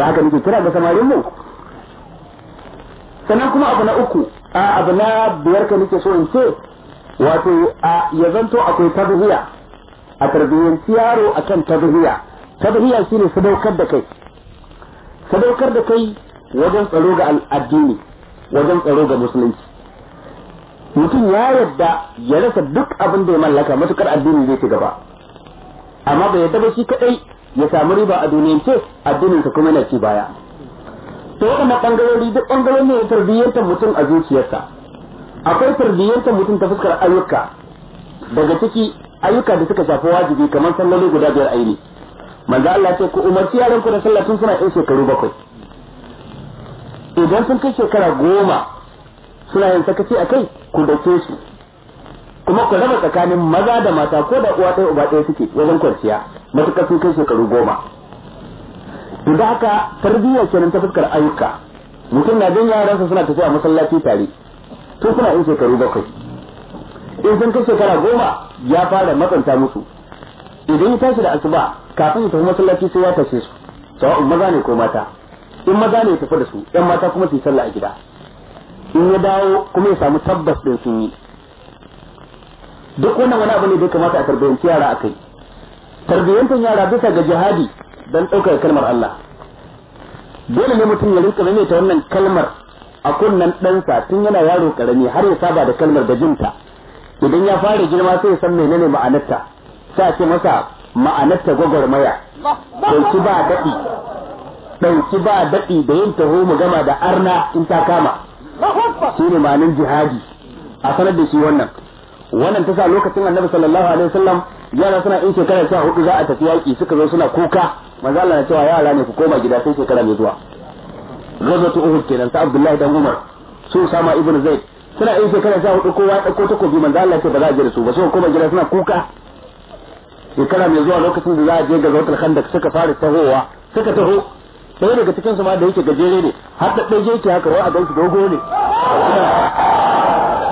ba haka muke kira ga samarin mu sannan kuma abu na uku a abu na biyar ka nake so in ce wato a ya zanto akwai tabhiya a tarbiyyanci yaro kan tabhiya tabhiya shine sadaukar da kai sadaukar da kai wajen tsaro ga addini wajen tsaro ga musulunci mutum ya yadda ya rasa duk abin da ya mallaka matukar addini zai ci gaba amma bai yarda ba shi kadai ya samu riba a duniyance addinin ka kuma yana ci baya to waɗannan bangarori duk bangarori ne tarbiyyantar mutum a zuciyarsa akwai tarbiyyantar mutum ta fuskar ayyuka daga ciki ayyuka da suka shafi wajibi kamar salloli guda biyar aini manzo Allah ce ku umarci yaran ku da sallah tun suna ɗan shekaru bakwai idan sun kai shekara goma suna yin sakaci a kai ku dauke su kuma ku raba tsakanin maza da mata ko da uwa ɗaya uba ɗaya suke wajen kwanciya matukar sun kai shekaru goma to da haka tarbiyyar kenan ta fuskar ayyuka mutum na jin yaransa suna tafiya masallaci tare to suna yin shekaru bakwai in sun kai shekara goma ya fara matsanta musu idan ya tashi da asuba kafin ya tafi masallaci sai ya tashe su sawa'un maza ne ko mata in maza ne ya tafi da su yan mata kuma su yi sallah a gida in ya dawo kuma ya samu tabbas ɗin sun yi duk wannan wani abu ne da ya kamata a tarbiyyanci yara a kai tarbiyyantan yara bisa ga jihadi don ɗaukar kalmar Allah dole ne mutum ya rinka ta wannan kalmar a kunnen ɗansa tun yana yaro ƙarami har ya saba da kalmar da jinta idan ya fara girma sai ya san menene ma'anarta Sa ce masa ma'anarta gwagwarmaya ɗauki ba daɗi ɗauki ba daɗi da yin taho mu gama da arna in ta kama shi ne ma'anin jihadi a sanar da shi wannan wannan ta sa lokacin annabi sallallahu alaihi wasallam yara suna in shekara sha hudu za a tafi yaƙi suka zo suna kuka manzo Allah na cewa yara ne ku koma gida sai shekara mai zuwa gazatu uhud kenan ta Abdullahi dan Umar su sama ibn Zaid suna in shekara sha hudu kowa ya dauko takobi manzo Allah ya ce ba za a je da su ba sai koma gida suna kuka shekara mai zuwa lokacin da za a je ga gazawatul khandak suka fara tahowa suka taho sai daga cikin su ma da yake gajere ne har da ɗaya yake haka wai a gansu dogo ne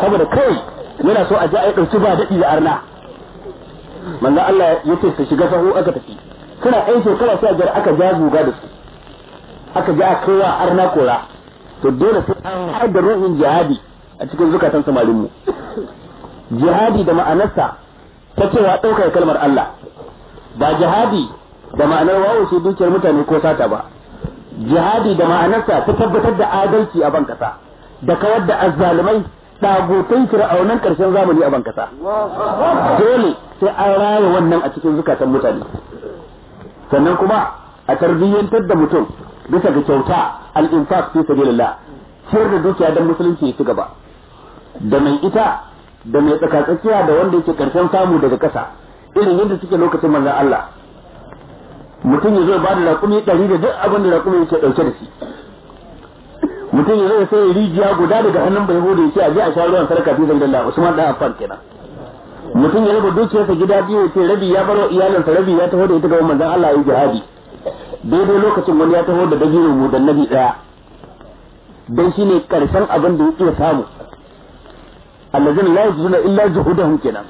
saboda kai yana so a je a yi ɗauki ba daɗi da arna manzo Allah ya ce su shiga sahu aka tafi suna ɗan shekara sha biyar aka ja zuga da su aka ja kowa arna kora to dole sai an haɗa ruhin jihadi a cikin zukatan samarinmu jihadi da ma'anarsa ta cewa ɗaukar kalmar Allah ba jihadi da ma'anar wawo shi dukiyar mutane ko sata ba jihadi da ma'anarsa ta tabbatar da adalci a ban ƙasa da kawar da azzalumai dagutan fir'aunan karshen zamani a bankasa dole sai an raya wannan a cikin zukatan mutane sannan kuma a tarbiyyantar da mutum bisa ga kyauta al sai fi sabilillah ciyar da dukiya dan musulunci ya gaba da mai ita da mai tsakatsakiya da wanda yake karshen samu daga ƙasa irin yadda suke lokacin manzon Allah mutum ya zo ba da raƙumi ɗari da duk abin da raƙumi yake ɗauke da shi mutum ya zai sai rijiya guda daga hannun bai hudu ya ce a je a sha ruwan sarka fi zan dalla usman dan affan kenan mutum ya raba dukiyarsa gida biyu ya ce rabi ya baro iyalinsa rabi ya taho da ita ga manzon Allah ya jihadi daidai lokacin wani ya taho da dabino mu da nabi daya dan shine karshen abin da yake samu allazin la suna illa juhudahum kenan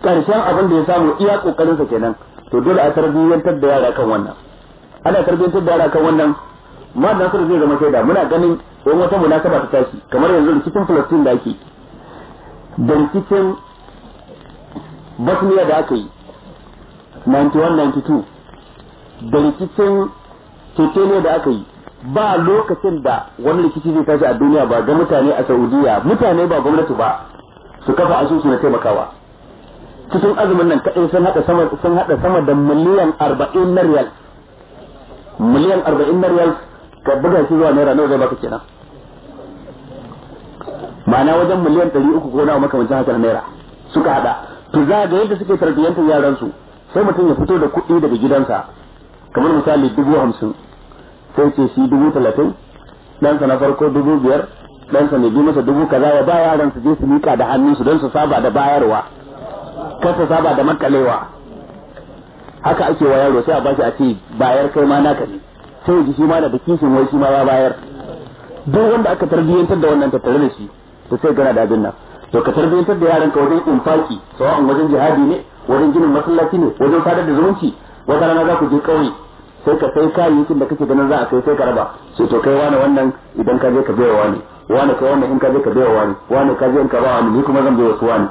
karshen abin da ya samu iya kokarinsa kenan to dole a tarbiyyantar da yara kan wannan ana tarbiyyantar da yara kan wannan ma da zai zama shaida muna ganin wani wata munasaba ta tashi kamar yanzu rikicin Palestine da ake da rikicin Bosnia da aka yi 91-92 da rikicin ne da aka yi ba lokacin da wani rikici zai tashi a duniya ba ga mutane a Saudiya mutane ba gwamnati ba su kafa asusu na taimakawa cikin azumin nan kaɗai sun haɗa sama sun haɗa sama da miliyan arba'in na riyal miliyan arba'in na riyal ka buga shi zuwa naira nawa zai baka kenan ma'ana wajen miliyan ɗari uku ko nawa makamancin hakan naira suka hada to za ga yadda suke tarbiyyantar yaran su sai mutum ya fito da kuɗi daga gidansa kamar misali dubu hamsin sai ce shi dubu talatin ɗansa na farko dubu biyar ɗansa ne bi masa dubu kaza ya ba yaran su je su miƙa da hannunsu don su saba da bayarwa kasa saba da makalewa haka ake wa yaro sai a bashi a ce bayar kai ma naka ne sai ji shi ma da kishin wai shi ma ya bayar duk wanda aka tarbiyyantar da wannan tattare da shi to sai gana da abin nan to ka tarbiyyantar da yaranka wajen infaki sawa'un wajen jihadi ne wajen ginin masallaci ne wajen sadar da zumunci wata rana za ku je ƙauye sai ka sai kayayyakin da kake ganin za a kai sai ka raba sai to kai wani wannan idan ka je ka bai wa wani wani kai wannan in ka je ka bai wa wani wani ka je in ka ba wani ni kuma zan bai su wani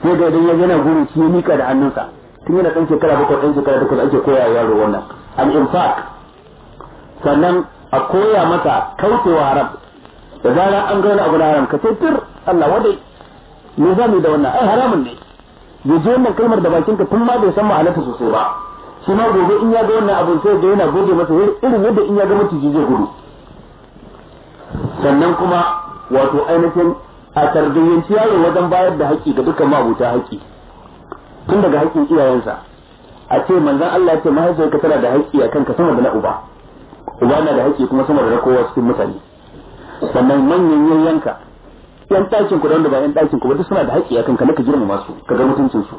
sai ga idan ya yana guri shi ya mika da hannunsa tun yana ɗan shekara bakwai ɗan shekara takwas ake koya yaro wannan an infaq sannan a koya mata kautewa haram da zara an ga wani abu na haram ka ce Allah wadai me za mu da wannan ai haramun ne ya je wannan kalmar da bakin ka tun ma bai san ma'anarta sosai ba shi ma gobe in ya ga wannan abun sai ga yana gode masa irin yadda in ya ga mutum zai gudu sannan kuma wato ainihin a tarbiyyanci yaro wajen bayar da haƙƙi ga dukkan mabuta haƙƙi tun daga haƙƙin iyayensa a ce manzon Allah ya ce mahaifiyarka tana da haƙƙi akan ka sama da na uba uba na da haƙƙi kuma sama da kowa cikin mutane sannan manyan yayyanka yan ɗakin ku da wanda ba yan ɗakin ku ba duk suna da haƙƙi akan ka naka girmama su ka ga mutuncin su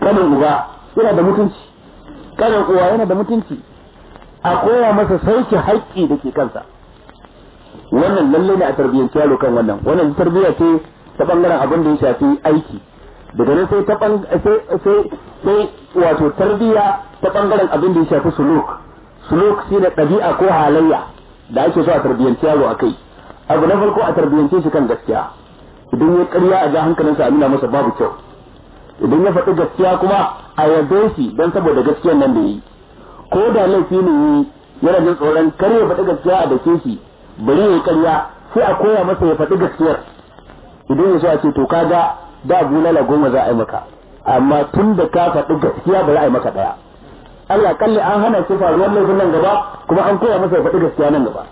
kanin uba yana da mutunci kanin uwa yana da mutunci a koya masa sauke haƙƙi da ke kansa wannan lalle ne a tarbiyyance yaro kan wannan wannan tarbiyya ce ta bangaren abin da ya shafi aiki daga nan sai ta sai sai wato tarbiyya ta bangaren abin da ya shafi suluk su lokaci da ɗabi'a ko halayya da ake so a tarbiyyance yaro a kai abu na farko a tarbiyyance shi kan gaskiya idan ya karya a ja hankalinsa a nuna masa babu kyau idan ya faɗi gaskiya kuma a yarda shi don saboda gaskiyan nan da yi ko da laifi ne yi yana jin tsoron kar ya faɗi gaskiya a dake shi bari ya karya sai a koya masa ya faɗi gaskiyar idan ya so a ce to ka ga da bulala goma za a yi maka amma tun da ka faɗi gaskiya ba za a yi maka ɗaya Allah kalli an hana shi faruwar laifin nan gaba kuma an koya masa faɗi gaskiya nan gaba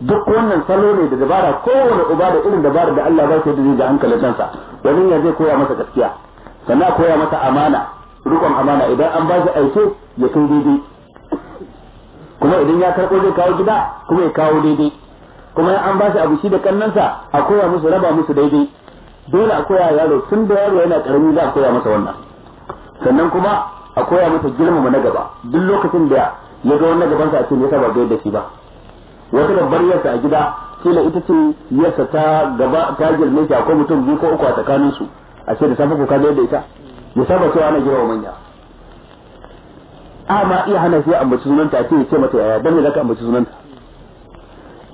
duk wannan salo ne da dabara kowane uba da irin dabara da Allah ba shi da zai ga hankalin kansa wani ya zai koya masa gaskiya sannan koya masa amana rikon amana idan an ba shi aike ya kai daidai kuma idan ya karɓo zai kawo gida kuma ya kawo daidai kuma in an ba shi abu shi da kannansa a koya musu raba musu daidai dole a koya yaro tun da yaro yana karami za a koya masa wannan sannan kuma a koya mata girmama na gaba duk lokacin da ya ga wannan sa a ce ne ba gaida shi ba wata babbar yarsa a gida kila ita ce yarsa ta gaba ta girme shi akwai mutum biyu ko uku a tsakanin su a ce da safa ko ka gaida ita ya saba cewa ana girmama manya a ma iya hana shi ambaci sunanta a ce ya ce mata yaya dan ne zaka ambaci sunanta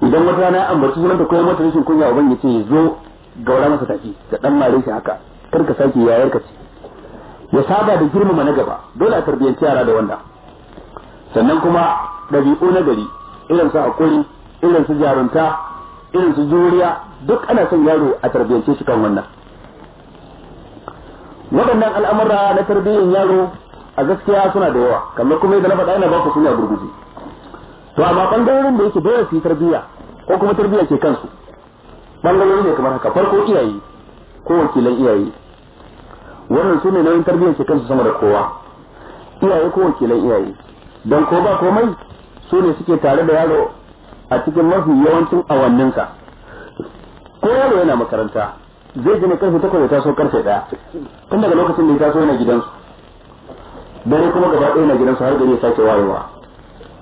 idan wata rana ambaci sunanta ko mata rashin kunya uban ya ce zo gaura masa taki da dan mare shi haka kar ka sake yayar ka ce ya saba da girmama na gaba dole a tarbiyyanci yara da wanda sannan kuma ɗabi'u na gari irin su hakuri irin su jarunta irin su juriya duk ana son yaro a tarbiyyance shi kan wannan waɗannan al'amura na tarbiyyan yaro a gaskiya suna da yawa kamar kuma yadda na faɗa ina ba ku suna gurguje to amma ɓangarorin da yake dole su yi tarbiyya ko kuma tarbiyya ke kansu ɓangarori ne kamar haka farko iyaye ko wakilan iyaye wannan su ne nauyin tarbiyyar ke kansu sama da kowa iyaye ko wakilan iyaye don ko ba komai su ne suke tare da yaro a cikin mafi yawancin awanninsa ko yaro yana makaranta zai gina karfe takwas ya taso karfe daya tun daga lokacin da ya taso yana gidansu dare kuma gaba ɗaya yana gidansu har gari ya sake wayewa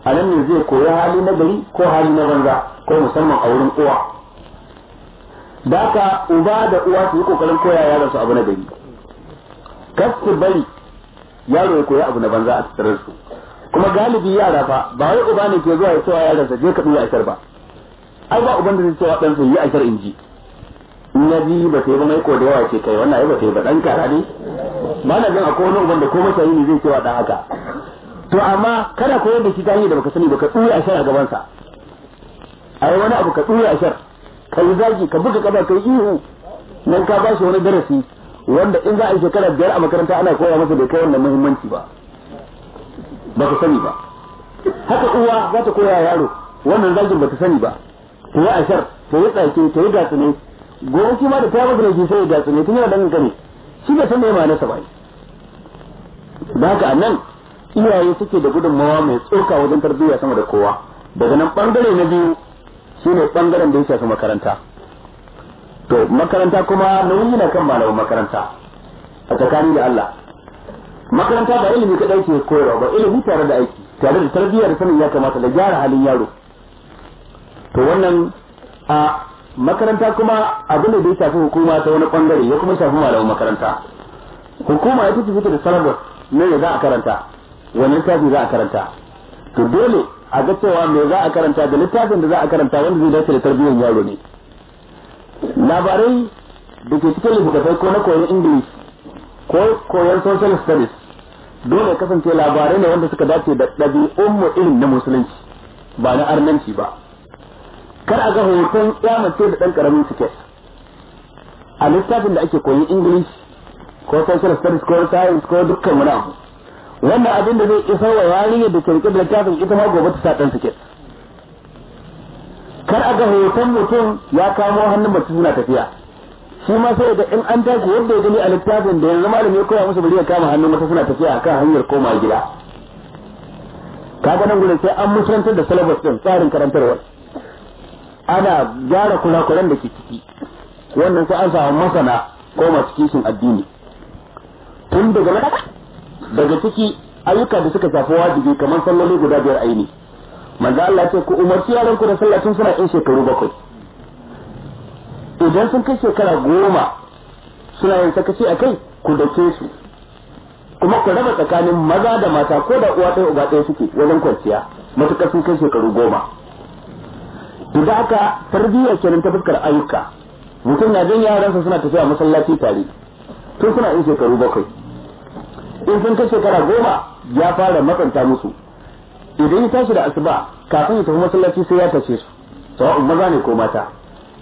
a nan ne zai koya hali na gari ko hali na banza ko musamman a wurin uwa da uba da uwa su yi kokarin koya yaransu abu na gari kar su bari yaro ya koyi abu na banza a tattarar su kuma galibi yara fa ba wai uba ne ke zuwa ya cewa sa je ka duba aikar ba ai ba uban da zai cewa ɗansa yi aikar in ji in ya ji ba sai ba mai ko da yawa ce kai wannan ai ba sai ba dan kara ne ba na jin akwai wani uban da ko mashayi ne zai cewa dan haka to amma kada ko da shi ta hanyar da baka sani ba ka tsuri a shara a sa ai wani abu ka tsuri a shar ka yi zagi ka buga kaba ka yi ihu nan ka ba shi wani darasi wanda in za a yi shekara biyar a makaranta ana koya masa bai kai wannan muhimmanci ba ba ka sani ba haka uwa za ta koya yaro wannan zagin ba ta sani ba ta yi ashar ta yi tsaki ta yi gatsune gobe shi ma da ta magana laifi sai ya gatsune tun yana dangin gane shi bai san me ma nasa ba da haka nan iyaye suke da gudunmawa mai tsoka wajen tarbiyya sama da kowa daga nan bangare na biyu shine bangaren da ya shafi makaranta to makaranta kuma nauyi na kan malaman makaranta a tsakani da Allah makaranta ba ilimi kadai ke koyarwa ba ilimi tare da aiki tare da tarbiyya da sanin ya kamata da gyara halin yaro to wannan a makaranta kuma abin da ya shafi hukuma ta wani bangare ya kuma shafi malaman makaranta hukuma ita ce fita da sarrafa ne za a karanta wani littafi za a karanta to dole a ga cewa me za a karanta da littafin da za a karanta wanda zai dace da tarbiyyar yaro ne labarai da ke cikin littattafai ko na koyon english ko koyon social studies dole kasance labarai ne wanda suka dace da ɗabi'un mu irin na musulunci ba na arnanci ba kar a ga hoton mace da ɗan ƙaramin tiket a littafin da ake koyi english ko social studies ko science ko dukkan wani abu wannan abin da zai isar wa yarinyar da ke da littafin ita ma gobe ta sa ɗan tiket kar a ga hoton mutum ya kamo hannun mace suna tafiya shi ma sai da in an tashi wanda ya gani a littafin da yanzu malami ya koya musu bari ya kama hannun mace suna tafiya kan hanyar koma gida kaga nan gurin sai an musantar da syllabus din tsarin karantarwar ana gyara kurakuran da ke ciki wannan sai an samu masana ko masu kishin addini tun daga daga ciki ayyuka da suka shafi wajibi kamar salloli guda biyar aini manzo Allah ce ku umarci yaranku ku da sallah tun suna yin shekaru bakwai idan sun kai shekara goma suna yin sakaci a kai ku dake su kuma ku raba tsakanin maza da mata ko da uwa ɗaya uba ɗaya suke wajen kwanciya matuƙar sun kai shekaru goma idan aka tarbiyyar kenan ta fuskar ayyuka mutum na jin yaransa suna tafiya masallaci tare tun suna yin shekaru bakwai in sun kai shekara goma ya fara matsanta musu idan ya tashi da asuba kafin ya tafi masallaci sai ya tace su in maza ne ko mata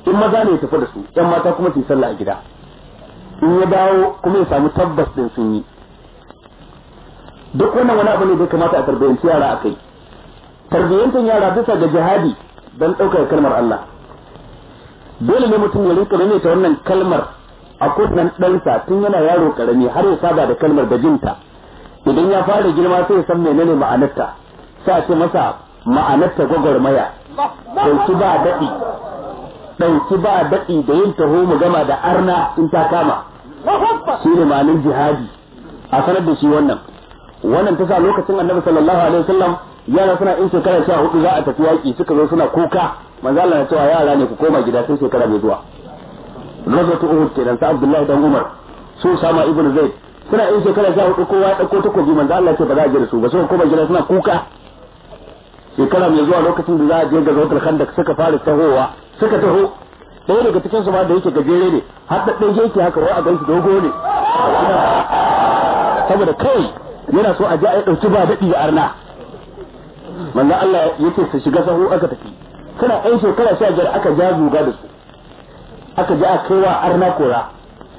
in maza ne ya tafi da su yan mata kuma su yi sallah a gida in ya dawo kuma ya samu tabbas ɗin sun yi duk wannan wani abu ne da kamata a tarbiyyanci yara a kai tarbiyyantan yara bisa ga jihadi don ɗaukar kalmar Allah dole ne mutum ya rinka ne ta wannan kalmar a kunnan ɗansa tun yana yaro ƙarami har ya saba da kalmar da jinta idan ya fara girma sai ya san menene ma'anarta sa ce masa ma'anar ta gwagwarmaya ɗauki ba daɗi ɗauki ba daɗi da yin taho mu gama da arna in ta kama shi ne ma'anin jihadi a sanar da shi wannan wannan ta sa lokacin annabi sallallahu alaihi wasallam yara suna in shekara sha hudu za a tafi yaƙi suka zo suna kuka manzo Allah na cewa yara ne ku koma gida sai shekara mai zuwa razatu uhud kenan sa abdullahi dan umar su sama ibnu zaid suna in shekara sha hudu kowa ya dauko takobi manzo Allah ce ba za a gida su ba sai koma gida suna kuka shekara mai zuwa lokacin da za a je ga zautar khandak suka fara tahowa suka taho ɗaya daga cikin su ma da yake gajere ne har da yake haka wa a gansu dogo ne saboda kai yana so a je a ɗauki ba daɗi a arna manzo Allah yake su shiga sahu aka tafi kana ɗan shekara sha biyar aka ja zuga da su aka ji a kaiwa arna kora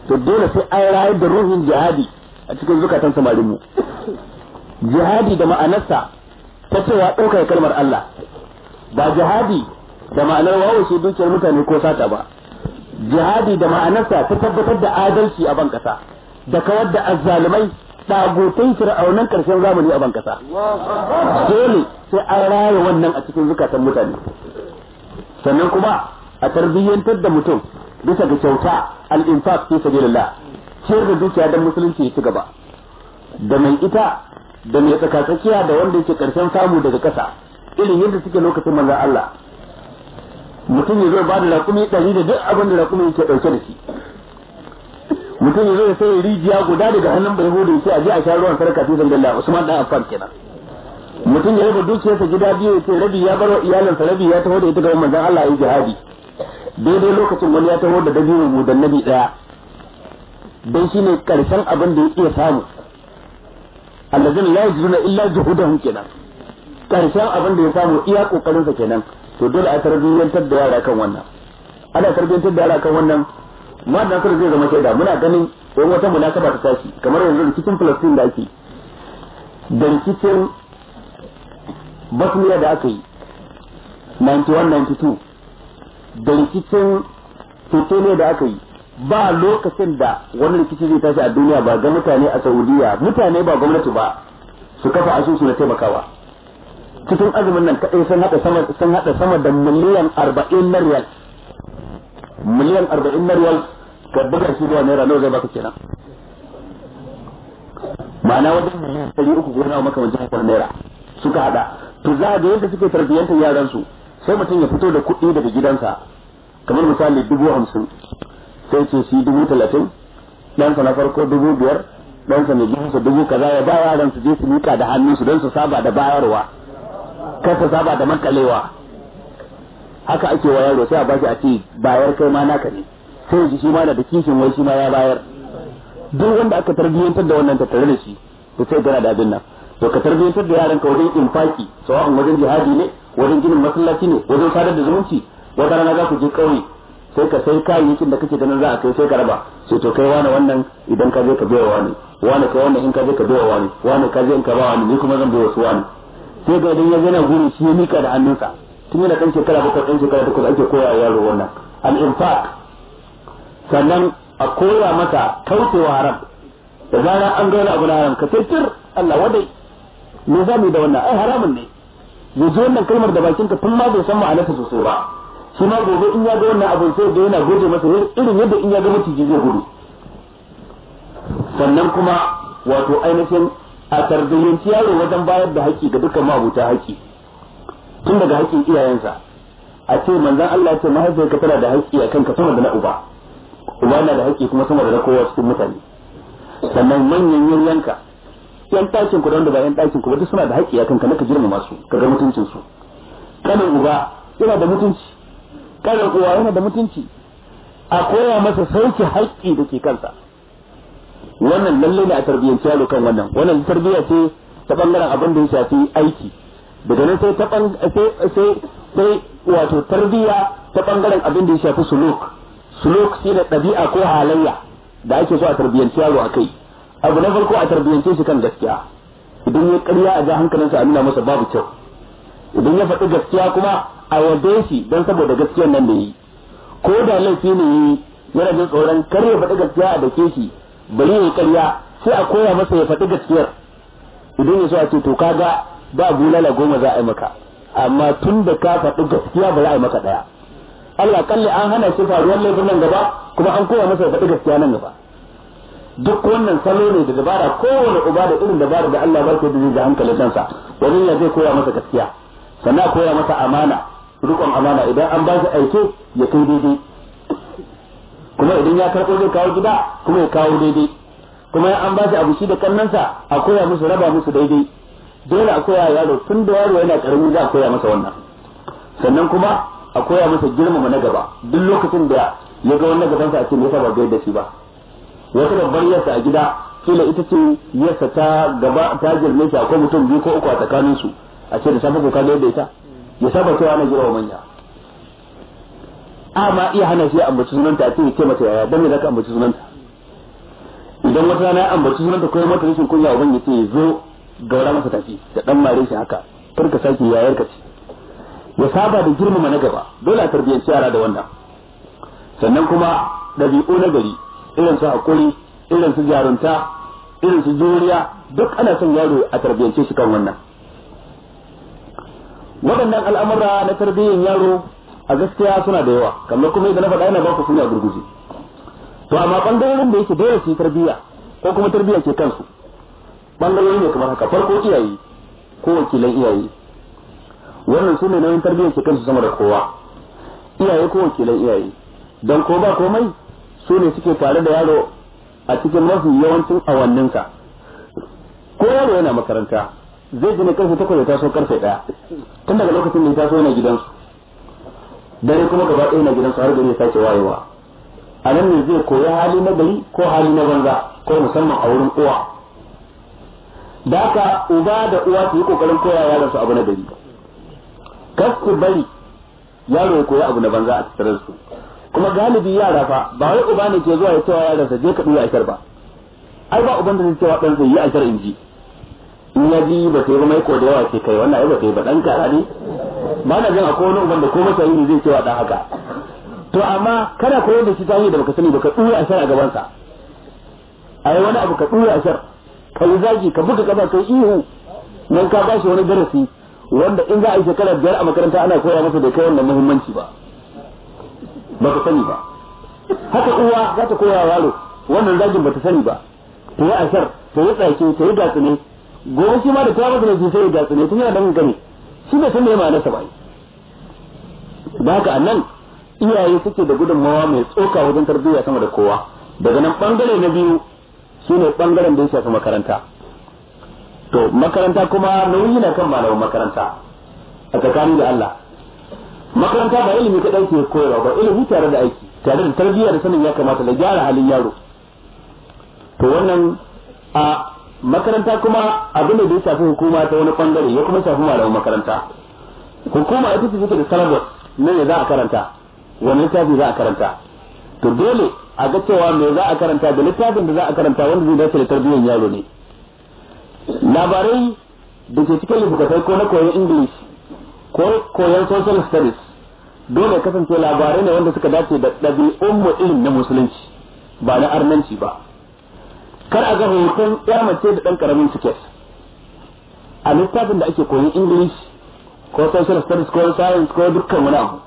to dole sai an rayar da ruhin jihadi a cikin zukatan samarinmu jihadi da ma'anarsa ta cewa ɗaukar kalmar Allah ba jihadi da ma'anar wawashe dukiyar mutane ko sata ba jihadi da ma'anarsa ta tabbatar da adalci a ban kasa da kawar da azzalumai dagutai fir'aunan karshen zamani a ban kasa dole sai an raya wannan a cikin zukatan mutane sannan kuma a tarbiyyantar da mutum bisa ga kyauta al-infaq fi sabilillah ciyar da dukiya dan musulunci ya ci gaba da mai ita da mai tsaka da wanda yake karshen samu daga kasa irin yadda suke lokacin maza Allah mutum ya zo ba da raƙumi ɗari da duk abin da raƙumi yake ɗauke da shi mutum ya zo ya sai rijiya guda daga hannun bai hudu ya ce a je a sha ruwan sarka fi zan dalla Usman dan Affan kenan mutum ya raba dukiyarsa gida biyu ya ce rabi ya bar wa iyalinsa rabi ya taho da ita ga manzon Allah ya yi jihadi daidai lokacin wani ya taho da dabino mu da nabi daya dan shine karshen abin da ya iya samu allazina la yajiduna illa juhudahum kenan karshen abin da ya samu iya kokarin sa kenan to dole a tarbiyyantar da yara kan wannan ana tarbiyyantar da yara kan wannan ma da zai zama shaida muna ganin wani wata munasaba ta tashi kamar yanzu rikicin Palestine da ake da cikin Bosnia da aka yi 91 92 da rikicin Tutuniya da aka yi ba lokacin da wani rikici zai tashi a duniya ba ga mutane a saudiya mutane ba gwamnati ba su kafa asusu na taimakawa cikin azumin nan kadai sun hada sama sun hada sama da miliyan 40 na riyal miliyan 40 na riyal ka buga shi zuwa naira nawa zai baka kenan ma'ana wajen miliyan 300 ko nawa maka wajen kwar naira suka hada to za a ga yadda suke tarbiyyantar yaran su sai mutum ya fito da kuɗi daga gidansa kamar misali dubu hamsin sai ce shi dubu talatin ɗansa na farko dubu biyar ɗansa na biyu su dubu kaza ya ba yaran su je su mika da su don su saba da bayarwa kar su saba da makalewa haka ake wa yaro sai a bashi a ce bayar kai ma naka ne sai ji shi ma da kishin wai shi ma ya bayar duk wanda aka tarbiyyantar da wannan tattare da shi to sai gara da abin nan to ka tarbiyyantar da yaran ka wajen infaki sawa'un wajen jihadi ne wajen ginin masallaci ne wajen sadar da zumunci wata rana za ku je ƙauye sai ka sai kayayyakin da kake ganin za a kai sai ka raba sai to kai wani wannan idan ka je ka biya wani wani kai wannan in ka je ka biya wani wani ka je in ka ba wani ni kuma zan biya wasu wani sai ga idan ya zana guri shi ya mika da hannunsa tun yana kan shekara bakwai kan shekara takwas ake koya yaro wannan al-infaq sannan a koya masa kaucewa haram da zara an ga wani abu na haram ka sai tir Allah wadai me za mu da wannan ai haramun ne yanzu wannan kalmar da bakinka tun ma bai san ma'anarta sosai ba Suna gobe in ya ga wannan abin sai da yana goje masa irin yadda in ya ga mutum zai gudu sannan kuma wato ainihin a tarbiyyanci yaro wajen bayar da haƙƙi ga dukkan mabuta haƙƙi tun daga haƙƙin iyayensa a ce manzan Allah ce mahaifiyarka tana da haƙƙi a kanka sama da na uba uba na da haƙƙi kuma sama da na kowa cikin mutane sannan manyan yayyanka yan ɗakin ku da wanda ba yan ɗakin ku ba suna da haƙƙi a kanka na ka girmama su ka ga mutuncin su kanin uba yana da mutunci kada uwa yana da mutunci a koya masa sauke haƙƙi da ke kansa wannan lalle ne a tarbiyyance yaro kan wannan wannan tarbiyya ce ta bangaren abin da ya shafi aiki daga nan sai sai wato tarbiyya ta bangaren abin da ya shafi suluk suluk shi da ɗabi'a ko halayya da ake so a tarbiyyance yaro a kai abu na farko a tarbiyyance shi kan gaskiya idan ya karya a ja hankalinsa a nuna masa babu kyau idan ya faɗi gaskiya kuma a yarda shi don saboda gaskiyar nan da yi ko da laifi ne yi yana jin tsoron kar ya faɗi gaskiya a dake shi bari ya yi karya sai a koya masa ya faɗi gaskiyar idan ya so a ce to ga ba bulala goma za a yi maka amma tun da ka faɗi gaskiya ba za a yi maka ɗaya Allah kalli an hana shi faruwar laifin nan gaba kuma an koya masa ya faɗi gaskiya nan gaba duk wannan salo ne da dabara kowane uba da irin dabara da Allah ba da zai ga hankalin sa wani ya zai koya masa gaskiya sannan koya masa amana rikon amana idan an ba shi aike ya kai daidai kuma idan ya karɓo zai kawo gida kuma ya kawo daidai kuma an ba shi abu shi da kannansa a koya musu raba musu daidai dole a koya yaro tun da yaro yana karami za a koya masa wannan sannan kuma a koya masa girmama na gaba duk lokacin da ya ga wannan gabansa a ce me yasa ba gaida shi ba wata babbar yarsa a gida kila ita ce yarsa ta gaba ta girme shi akwai mutum biyu ko uku a tsakaninsu a ce da safe ko ka gaida ita ya saba cewa na wa manya amma iya hana shi ambaci sunanta a cikin taimaka yaya don me zaka ambaci sunanta idan wata rana ya ambaci sunanta ko ma mata rashin kunya uban ya ce zo gaura masa tafi da dan mare shi haka kar ka sake yayar ka ce ya saba da girmama na gaba dole a tarbiyyanci yara da wannan sannan kuma ɗabi'u na gari irin su hakuri irin su jarunta irin su juriya duk ana son yaro a tarbiyyance shi kan wannan waɗannan al'amura na tarbiyyar yaro a gaskiya suna da yawa kamar kuma idan na faɗa yana ba ku suna gurguje to amma ɓangarorin da yake dole su yi tarbiyya ko kuma tarbiyya ke kansu ɓangarorin ne kamar haka farko iyaye ko wakilan iyaye wannan su ne nauyin tarbiyyar ke kansu sama da kowa iyaye ko wakilan iyaye don ko ba komai su ne suke tare da yaro a cikin mafi yawancin awanninsa ko yaro yana makaranta zai gina karfe takwas da taso karfe daya tun daga lokacin da ya taso yana gidansu dare kuma gaba ɗaya yana gidansu har gari ya sake wayewa a nan ne zai koya hali na gari ko hali na banza ko musamman a wurin uwa da haka uba da uwa su yi kokarin koya yaron su abu na gari kar ku bari yaro ya koya abu na banza a tattare su kuma galibi yara fa ba wai uba ne ke zuwa ya cewa yaron sa je ka a ashar ba ai ba uban da zai cewa ɗan zai yi a ashar in ji na ya ji ba ta yi da yawa ce kai wannan ai ba ta yi ba dan kara ne ba na jin akwai wani uban da ko masa yi zai ce wa dan haka to amma kana koyar da shi ta da baka sani ba ka tsura a gaban sa ai wani abu ka tsura ashar ka yi zagi ka buga kafa kai ihu nan ka bashi wani darasi wanda in za a yi shekara biyar a makaranta ana koya masa da kai wannan muhimmanci ba ba ka sani ba haka uwa za ta koya yaro wannan zagin ba ta sani ba ta yi ashar ta yi tsaki ta yi gatsune gobe shi ma da kowa da sai ya gatsu ne tun yana dan gani shi ne san me ma'ana sa ba ba haka annan iyaye suke da gudunmawa mai tsoka wajen tarbiyya sama da kowa daga nan bangare na biyu ne bangaren da ya shafi makaranta to makaranta kuma nauyi na kan malaman makaranta a tsakani da Allah makaranta ba ilimi kaɗai ke koyarwa ba ilimi tare da aiki tare da tarbiyya da sanin ya kamata da gyara halin yaro to wannan a makaranta kuma abin da ya shafi hukuma ta wani bangare ya kuma shafi malamin makaranta hukuma ita ce take da syllabus ne ne za a karanta wani littafi za a karanta to dole a ga cewa me za a karanta da littafin da za a karanta wanda zai dace da tarbiyyar yaro ne labarai da ke cikin littattafai ko na koyon english ko koyon social studies dole kasance labarai ne wanda suka dace da ɗabi'un mu na musulunci ba na arnanci ba kar a ga hoton yar mace da dan karamin siket a littafin da ake koyi english ko social studies ko science ko dukkan wani abu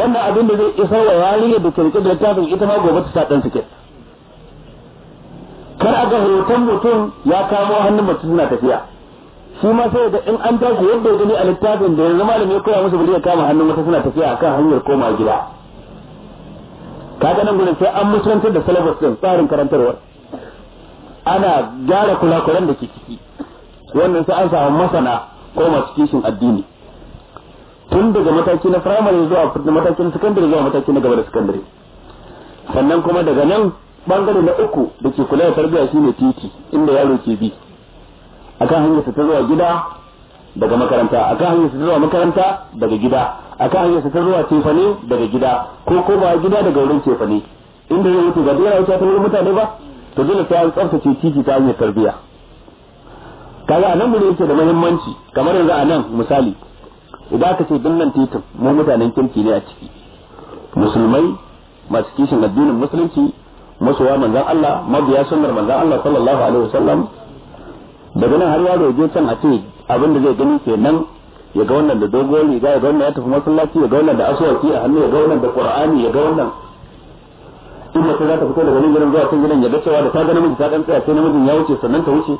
wannan abin da zai isa wa yarinyar da ke rike da littafin ita ma gobe ta sa dan siket kar a ga hoton mutum ya kamo hannun mace suna tafiya shi ma sai da in an tashi yadda gani a littafin da yanzu malami ya koya musu bari ya kama hannun wata suna tafiya akan hanyar koma gida kaga nan gurin sai an musulantar da syllabus din tsarin karantarwar ana gyara kulakuran da ke ciki wannan sai an samu masana ko masu kishin addini tun daga mataki na firamare zuwa mataki na sakandare zuwa mataki na gaba da sakandare sannan kuma daga nan bangare na uku da ke kula da tarbiyya shine titi inda yaro ke bi akan hanyar ta zuwa gida daga makaranta akan hanyar ta zuwa makaranta daga gida akan hanyar ta zuwa tefane daga gida ko ko ba gida daga wurin tefane inda zai wuce ga dole ya wuce ta wurin mutane ba to dole sai an tsaftace titi ta hanyar tarbiya kaga a nan mu yake da muhimmanci kamar yanzu a nan misali idan aka ce dinnan titin mu mutanen kirki ne a ciki musulmai masu kishin addinin musulunci wa manzon Allah mabiya sunnar manzon Allah sallallahu alaihi wasallam daga nan har ya je can a ce abin da zai gani ke nan ya ga wannan da dogon riga ya ga wannan ya tafi masallaci ya ga wannan da aswaki a hannu ya ga wannan da qur'ani ya ga wannan in mace za ta fito daga nan gidan zuwa can gidan ya ga cewa da ta ga namiji ta dan tsaya sai namijin ya wuce sannan ta wuce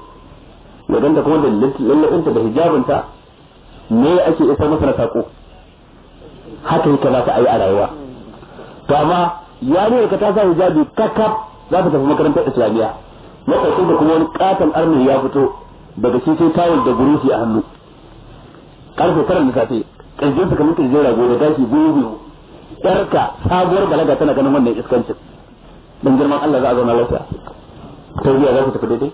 ya danta kuma da lallabinta da hijabinta me ake isa masa na sako haka yake za ta yi a rayuwa to amma yariyar ka ta sa hijabi kakaf za ta tafi makarantar islamiyya na da kuma wani katon arni ya fito daga shi sai tawul da gurufi a hannu karfe tara da safe ƙirjinsa kamar ƙirjin gobe da tashi biyu biyu sabuwar balaga tana ganin wannan iskancin dan girman Allah za a zauna lafiya tarbiyya za ku tafi daidai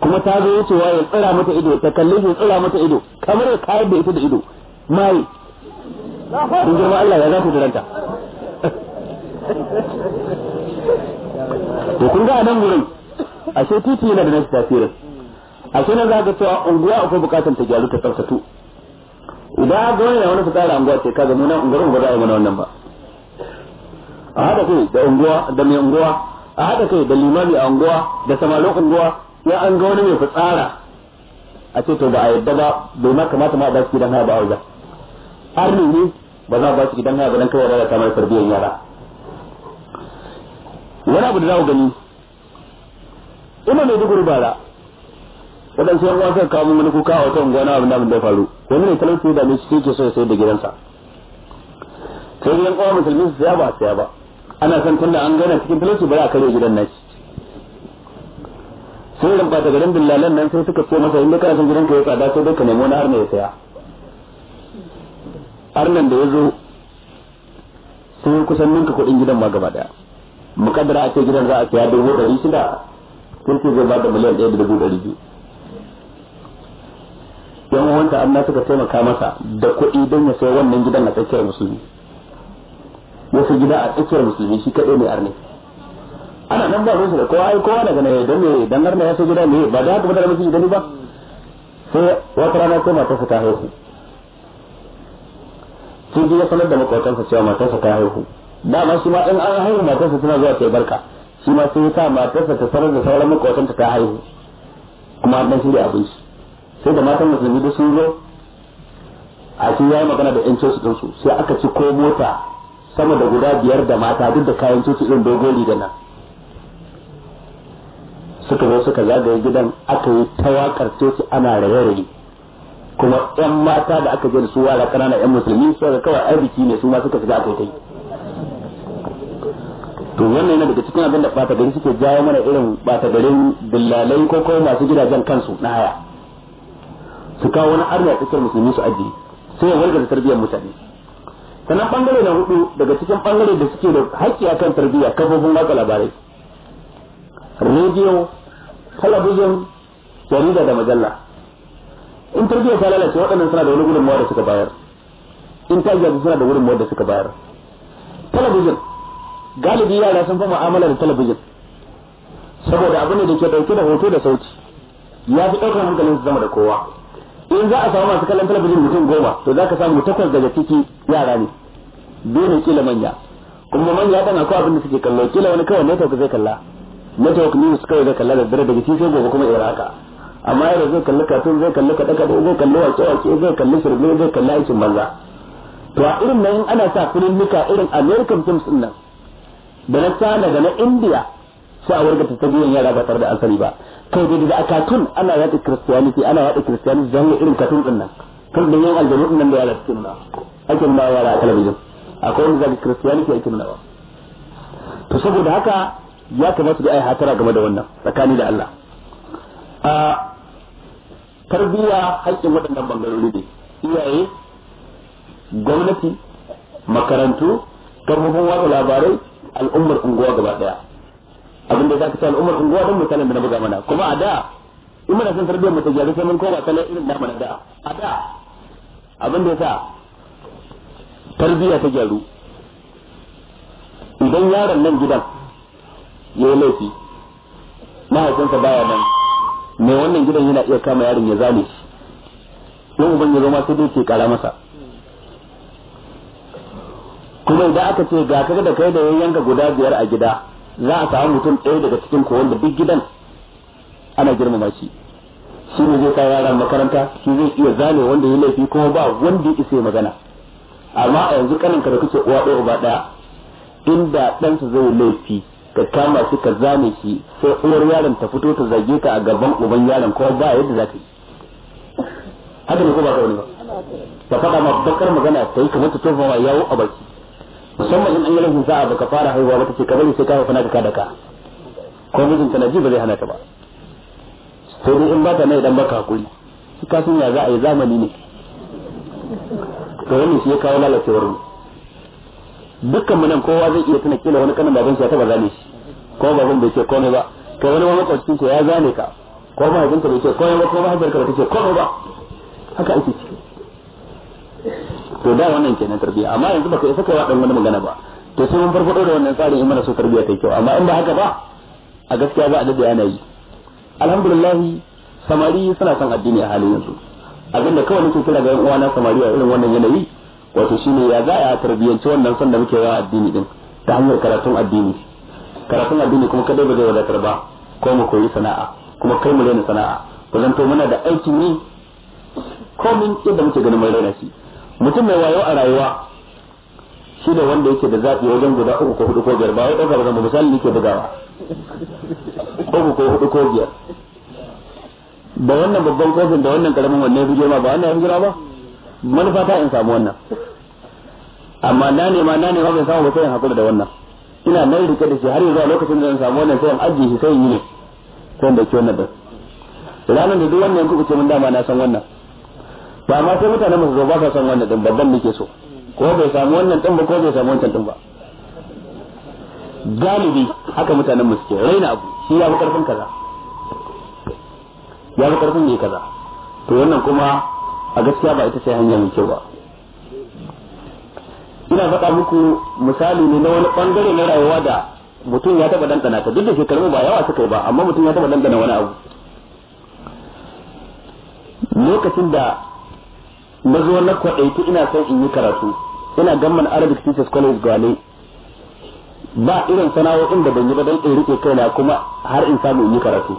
kuma ta zo cewa ya tsira mata ido ta kalle shi tsira mata ido kamar ya kayar da ita da ido mai dan girman Allah ya za ku diranta to kun ga nan gurin. ashe titi yana da nasu tafiyar. ashe nan za ka cewa unguwa akwai bukatar ta gyaru ta tsarkatu idan ga wani wani fitara unguwa ce ka zama nan ungarin ba za a yi mana wannan ba a haɗa kai da unguwa da mai unguwa a haɗa kai da limami a unguwa da samarin unguwa ya an ga wani mai fitsara a ce to ba a yadda ba bai ma kamata ma a ba su gidan haya ba a har ne ba za a ba su gidan haya ba dan kawai da ta tarbiyyar yara wani abu da za ku gani ina mai duguri da waɗansu yan wasan kamun wani kuka a wata unguwa na abin da abin da faru wani ne talauci da mai shi ke so ya sayar da gidansa sai yan kawo musulmi su saya ba saya ba ana son tunda an gana cikin talauci bari a kare gidan nashi sai ran bata garin dillalan nan sai suka ce masa inda kana son gidan ka ya tsada sai dai ka nemo na arna ya saya arnan da ya zo sai kusan ninka kuɗin gidan ma gaba daya mukaddara a ce gidan za a saya dubu ɗari shida sun ce zai bada miliyan ɗaya da dubu ɗari biyu yan uwanta amma suka taimaka masa da kuɗi don ya sayi wannan gidan a tsakiyar musulmi wasu gida a tsakiyar musulmi shi kaɗai mai arne ana nan ba musu da kowa ai kowa daga ne don ne dan arne ya so gida ne ba da haka ba da mutum gani ba sai wata rana ko mata ta haihu sun ji ya sanar da makwatansa cewa matarsa ta haihu dama shi ma in an haihu matarsa suna zuwa ta barka shi ma sai ya sa matarsa ta sanar da sauran makwatansa ta haihu kuma an dan shirya abinci sai da matan musulmi da sun zo a shi ya yi magana da 'yan su sai aka ci ko mota sama da guda biyar da mata duk da kayan coci irin dogon da nan suka zo suka zagaye gidan aka yi tawakar coci ana raye kuma yan mata da aka je da su wala kanana yan musulmi ka kawai arziki ne su ma suka fita aka yi to wannan yana daga cikin abin da bata gari suke jawo mana irin bata garin dillalai ko kuma masu gidajen kansu na haya su kawo wani arna tsakiyar musulmi su ajiye sai ya warga tarbiyyar mutane sannan bangare na hudu daga cikin bangare da suke da haƙƙi akan tarbiyya kafofin watsa labarai rediyo talabijin jarida da majalla in tarbiyya ta lalace waɗannan suna da wani gudunmawa da suka bayar in ta gaji suna da gudunmawa da suka bayar talabijin galibi yara sun fi mu'amala da talabijin saboda abin ne da ke ɗauke da hoto da sauti ya fi ɗaukar hankalin su zama da kowa in za a samu masu kallon talabijin mutum goma to za ka samu takwas daga ciki yara ne dole kila manya kuma manya dan akwai abin da suke kallo kila wani kawai network zai kalla network news kawai zai kalla da dare daga cikin gobe kuma ira haka amma yau zai kalli katun zai kalli kaɗa kaɗa zai kalli wace wake zai kalli shirme zai kalli aikin banza to a irin nan ana sa filin nika irin american films din nan da na china da na india sai a wargata ta biyan yara ba tare da asali ba kai da aka tun ana yaɗa kristiyaniti ana yaɗa zan yi irin katun din nan kan da yan aljanu din nan da yara suke nuna ake nuna yara a talabijin akwai wanda zaka kristiyaniti ake nuna to saboda haka ya kamata da ai hatara game da wannan tsakani da Allah a tarbiyya haƙƙin waɗannan bangarori ne iyaye gwamnati makarantu karfafin watsa labarai al'ummar unguwa gaba daya abin da ka ce al'ummar unguwa don misalan da na buga mana kuma a da in muna son tarbiyyar mu ta gyaru sai mun koma kallon irin namana da a da abin da yasa tarbiyya ta gyaru idan yaron nan gidan ya yi laifi mahaifinsa baya nan mai wannan gidan yana iya kama yaron ya zane shi don uban ya zama sai dai ke kara masa kuma idan aka ce ga kaga da kai da yayyanka guda biyar a gida za a samu mutum ɗaya daga cikin ko wanda duk gidan ana girmama shi shi ne zai kai yaran makaranta shi zai iya zane wanda ya laifi kuma ba wanda ya isa magana amma a yanzu ka da kace uwa ɗaya uba ɗaya inda ɗansa zai laifi ka kama shi ka zane shi sai uwar yaron ta fito ta zage ka a gaban uban yaron ko ba yadda za ka yi haka ne ko ba ka wani ba ta faɗa ma bakar magana ta yi kamar ta tofa ma yawo a baki musamman in an yi laifin sa'a baka fara haihuwa ba ce ka bari sai ka haifa na ka daka ko mijinta na ji ba zai hana ta ba sai dai in bata nai dan baka hakuri shi ka sun ya za a yi zamani ne to wannan shi ya kawo lalacewar mu dukkan mu nan kowa zai iya tuna kila wani kanin baban shi ya taba zane shi ko baban bai ce komai ba kai wani makwabcin shi ya zane ka ko mahaifinka bai ce komai ba ko mahaifinka bai ce komai ba haka ake ciki to da wannan kenan tarbiyya amma yanzu baka isa kai wa wani magana ba to sai mun farfado da wannan tsarin in mana so tarbiyya ta kyau amma in ba haka ba a gaskiya za a da ana yi alhamdulillah samari suna son addini a halin yanzu abinda kawai nake kira ga uwana samari a irin wannan yanayi wato shine ya za a tarbiyyanci wannan son da muke yawa addini din ta hanyar karatun addini karatun addini kuma kadai ba zai wadatar ba ko mu koyi sana'a kuma kai mu daina sana'a ku zanto muna da aikin ko komin yadda muke ganin mai raina shi mutum mai wayo a rayuwa shi da wanda yake da zaɓi wajen guda uku ko hudu ko biyar ba wai ɗauka ba zama misali nake bugawa uku ko hudu ko biyar da wannan babban kofin da wannan karamin wannan fi ma ba wannan ya jira ba manufa ta in samu wannan amma na nema na nema bai samu ba sai in hakura da wannan ina nan rike da shi har yanzu a lokacin da zan samu wannan sai in ajiye shi sai in yi ne sai in dauki wannan ba ranar da duk wannan kuka ce mun dama na san wannan ba ma sai mutanen mu zo ba ka san wannan din babban muke so ko bai samu wannan din ba ko bai samu wancan din ba galibi haka mutanen mu suke raina abu shi ya fi karfin kaza ya fi karfin ne kaza to wannan kuma a gaskiya ba ita sai hanya mai kyau ba ina faɗa muku misali ne na wani bangare na rayuwa da mutum ya taɓa dandana ta duk da shekaru ba yawa suka yi ba amma mutum ya taɓa dandana wani abu lokacin da na zo na kwaɗaitu ina son in yi karatu ina gamman arabic teachers college gwale ba irin sana'o'in da ban yi ba don in rike kaina kuma har in samu in yi karatu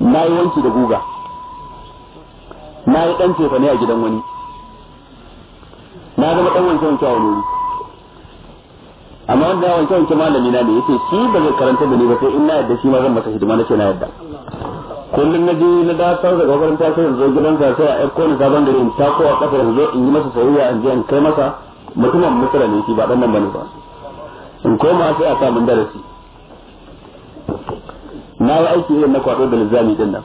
na yi wanki da guga na yi ɗan tefa ne a gidan wani na zama ɗan wanke wanke a wani amma wanda ya wanke wanke malami na ne yace shi ba zai karanta da ni ba sai in na yadda shi ma zan masa hidima na ce na yadda kullum na je na da kawo da kokarin ta sai zo gidan ga sai a ko ni sabon gari in ta ko a zo in yi masa sayayya in je in kai masa mutumin misra ne shi ba dan nan bane ba in koma sai a sa mun darasi na yi aiki irin na kwado da lizami din nan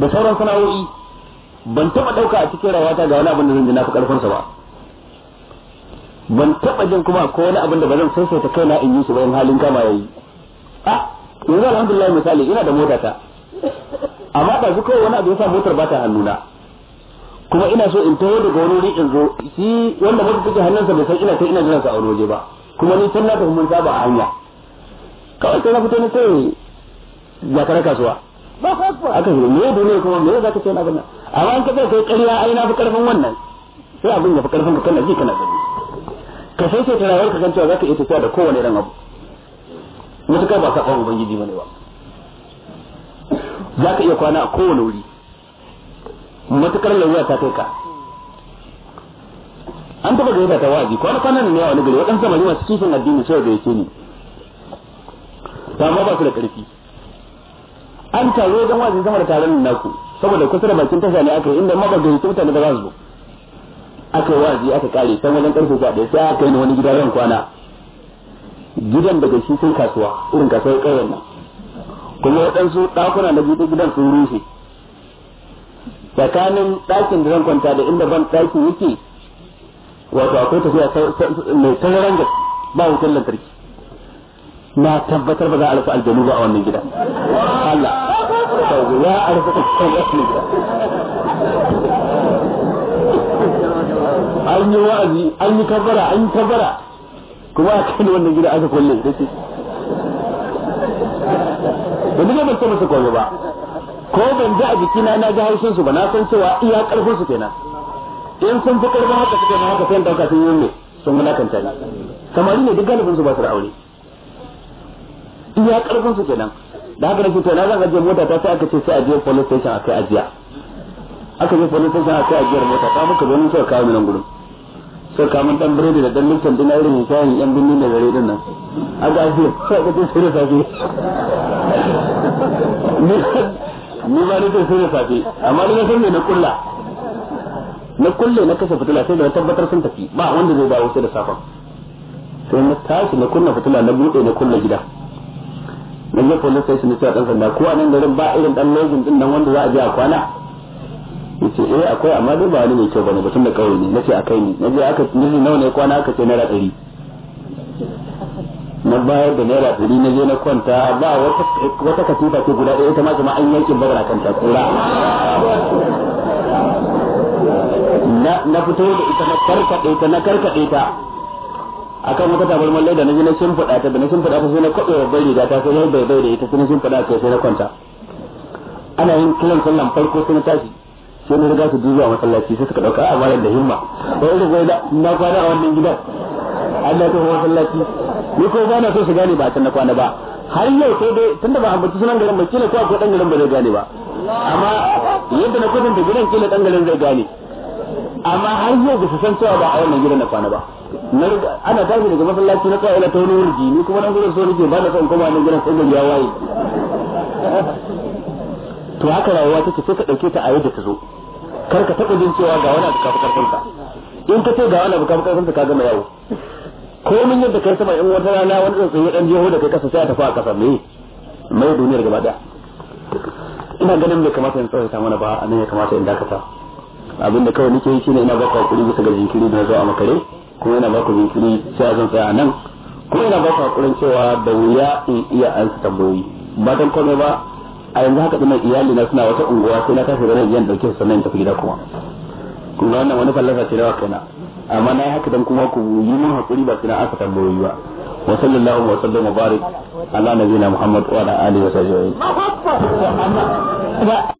da sauran sana'o'i ban taba ɗauka a cikin rawata ga wani abin da zan ji na fi karfin sa ba ban taba jin kuma ko wani abin da ba zan sassaita kaina in yi shi ba in halin kama yayi a ah! yanzu alhamdulillah misali ina da mota ta amma da su kawai wani abu yasa motar ba ta hannuna kuma ina so in tawo daga wani wuri in zo shi wanda motar take hannunsa bai san ina kai ina jiran sa a wani waje ba kuma ni tun na tafi mun saba a hanya kawai sai na fito ni sai ya kare kasuwa aka yi ne dole kuma me za ka ce na bana amma an kace kai ƙarya ai na fi karfin wannan sai abin ya fi karfin ka kana ji kana gani ka sai sai tarawar ka kan cewa za ka iya tafiya da kowane irin abu mutukar ba saɓon ubangiji bane ba za ka iya kwana a kowane wuri matukar lauya ta kai ka an da gaida ta wa'azi kwana kwanan ne a wani gari waɗansu zamani masu kifin addini sai da yake ni ta ma ba su da ƙarfi an taro don wa'azi sama da taron naku saboda kusa da bakin tasha ne aka yi inda ma ba gari mutane da za su zo aka yi wa'azi aka kare san wajen karfe sha ɗaya sai aka yi wani gida ran kwana gidan daga shi sun kasuwa irin kasuwar ƙauyen nan kuma waɗansu ɗakuna na buɗe gidan sun rufe tsakanin ɗakin da zan kwanta da inda ban ɗakin yake wato akwai tafiya mai tazaran gaske ba wutar lantarki na tabbatar ba za a rufe aljanu ba a wannan gidan Allah za a rufe aljanu a wannan gida an yi wa'azi an yi tabbara. an yi kabara kuma a kan wannan gida aka kulle da shi da duka ban taɓa su komai ba ko ban ji a jikina na ji haushin su ba na san cewa iya karfin su kenan in sun fi karfin haka suke na haka sai dauka sun yi ne sun wulakanta ni samari ne duk galibin su ba su da aure iya karfin su kenan da haka nake to na zan ajiye mota ta sai aka ce sai a je police station a kai ajiya aka je police station a kai ajiyar mota ta muka zo mun sai kawo mu nan gurin sai kamar dan biredi da dan lifton duna irin shayin yan binni da gare din nan aga shi sai ka ce sai safi ni ba ni sai safi amma ni san me na kulla na kulle na kashe fitila sai da tabbatar sun tafi ba wanda zai dawo sai da safan sai na tashi na kunna fitila na bude na kulla gida na je sai station ne a dan sanda ko anan garin ba irin dan lojin din nan wanda za a je a kwana yace eh akwai amma dai ba wani mai kyau bane batun da kawai ne nace akai ni naje aka ni nawa ne kwana aka ce naira 100 na bayar da naira ɗari na je na kwanta ba wata katifa ce guda ɗaya ita ma kuma an yankin bagara kan ta kura na fito da ita na karkaɗe ta na karkaɗe ta akan wata tabarmar laida na je na fada ta da na fada ta sai na kwaɗe babbar riga ta sai na bai bai da ita sai na fada ta sai na kwanta ana yin kiran sallan farko sai na tashi sai na riga su zuwa masallaci sai suka dauka a malam da himma wani da wai na kwana a wannan gidan da ta masallaci ni ko ba na so su gane ba can na kwana ba har yau sai dai tun da ba ambaci sunan garin ba kila kuwa ko dan garin ba zai gane ba amma yadda na da gidan kila dan garin zai gane amma har yau ba su san cewa ba a wannan gidan na kwana ba ana tafi daga masallaci na kawai ila ta wani wurji ni kuma nan gudun so nake ba na son koma nan gidan sai ya waye to haka rayuwa take sai ka dauke ta a yadda ta zo kar ka taɓa jin cewa ga wani abu karfin ka in ka ce ga wani abu kafa karfin ka gama yawo komin yadda kai sama in wata rana wani ɗan tsaye ɗan jeho da kai kasa sai a tafi a kasa me mai duniyar gaba ɗaya ina ganin bai kamata in tsawaita mana ba a nan ya kamata in dakata abin da kawai nake yi shine ina baka hakuri bisa ga jinkiri da zo a makare kuma ina baka jinkiri sai a zan tsaya a nan kuma ina baka hakurin cewa da wuya in iya ansa tambayoyi ba don komai ba a yanzu haka dinan iyali na suna wata unguwa sai na tashi garin yan dauke su sannan tafi gida kuma kun ga wannan wani fallasa ce da kaina amma na yi haka dan kuma ku yi mun hakuri ba sai na aka tambayoyi ba wa sallallahu wa sallam wa barik ala nabiyina muhammad wa ala alihi wa sahbihi